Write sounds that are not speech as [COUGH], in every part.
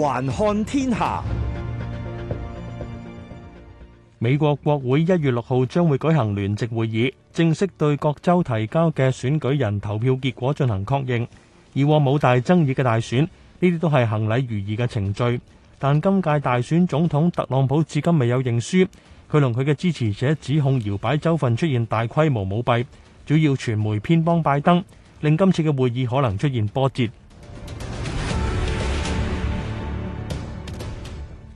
環看天下，美國國會一月六號將會舉行聯席會議，正式對各州提交嘅選舉人投票結果進行確認。以往冇大爭議嘅大選，呢啲都係行禮如儀嘅程序。但今屆大選總統特朗普至今未有認輸，佢同佢嘅支持者指控搖擺州份出現大規模舞弊，主要傳媒偏幫拜登，令今次嘅會議可能出現波折。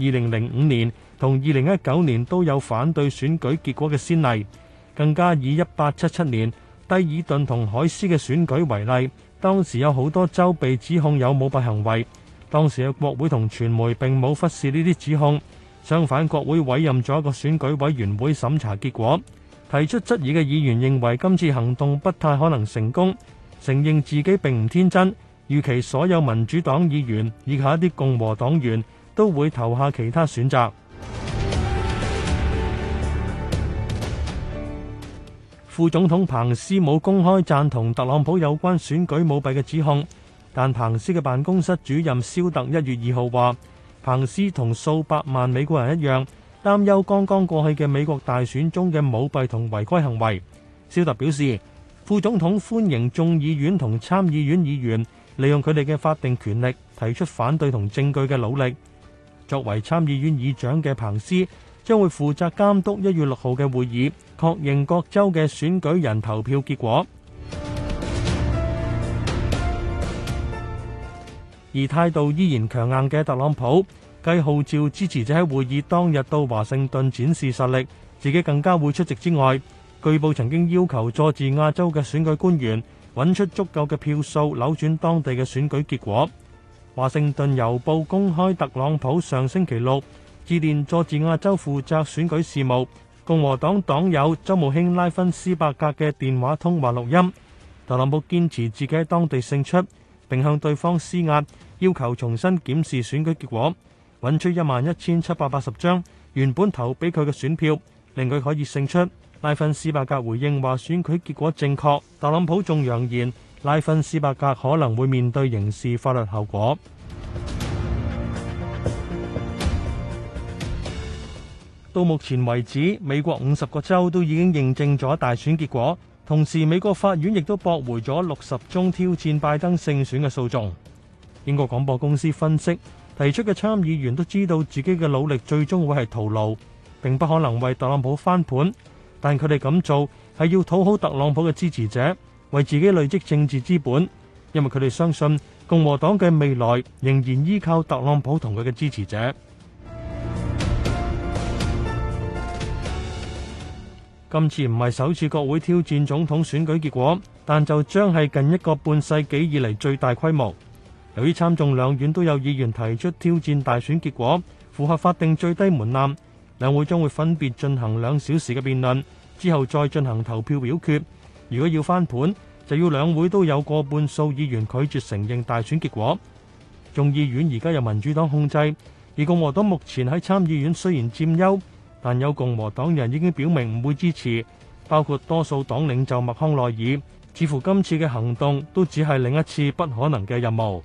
二零零五年同二零一九年都有反對選舉結果嘅先例，更加以一八七七年低爾頓同海斯嘅選舉為例，當時有好多州被指控有舞弊行為，當時嘅國會同傳媒並冇忽視呢啲指控，相反國會委任咗一個選舉委員會審查結果，提出質疑嘅議員認為今次行動不太可能成功，承認自己並唔天真，預期所有民主黨議員以及一啲共和黨員。都會投下其他選擇。副總統彭斯冇公開贊同特朗普有關選舉舞弊嘅指控，但彭斯嘅辦公室主任肖特一月二號話：彭斯同數百萬美國人一樣，擔憂剛剛過去嘅美國大選中嘅舞弊同違規行為。肖特表示，副總統歡迎眾議院同參議院議員利用佢哋嘅法定權力提出反對同證據嘅努力。作為參議院議長嘅彭斯將會負責監督一月六號嘅會議，確認各州嘅選舉人投票結果。 [MUSIC] 而態度依然強硬嘅特朗普，繼號召支持者喺會議當日到華盛頓展示實力，自己更加會出席之外，據報曾經要求佐治亞州嘅選舉官員揾出足夠嘅票數扭轉當地嘅選舉結果。華盛頓郵報公開特朗普上星期六致電佐治亞州負責選舉事務共和黨黨友州務卿、拉芬斯伯格嘅電話通話錄音，特朗普堅持自己喺當地勝出，並向對方施壓，要求重新檢視選舉結果，揾出一萬一千七百八十張原本投俾佢嘅選票，令佢可以勝出。拉芬斯伯格回應話選舉結果正確，特朗普仲揚言。拉芬斯伯格可能會面對刑事法律後果。到目前為止，美國五十個州都已經認證咗大選結果，同時美國法院亦都駁回咗六十宗挑戰拜登勝選嘅訴訟。英國廣播公司分析，提出嘅參議員都知道自己嘅努力最終會係徒勞，並不可能為特朗普翻盤，但佢哋咁做係要討好特朗普嘅支持者。為自己累積政治資本，因為佢哋相信共和黨嘅未來仍然依靠特朗普同佢嘅支持者。今次唔係首次國會挑戰總統選舉結果，但就將係近一個半世紀以嚟最大規模。由於參眾兩院都有議員提出挑戰大選結果，符合法定最低門檻，兩會將會分別進行兩小時嘅辯論，之後再進行投票表決。如果要翻盤，就要兩會都有過半數議員拒絕承認大選結果。眾議院而家由民主黨控制，而共和黨目前喺參議院雖然佔優，但有共和黨人已經表明唔會支持，包括多數黨領袖麥康奈爾，似乎今次嘅行動都只係另一次不可能嘅任務。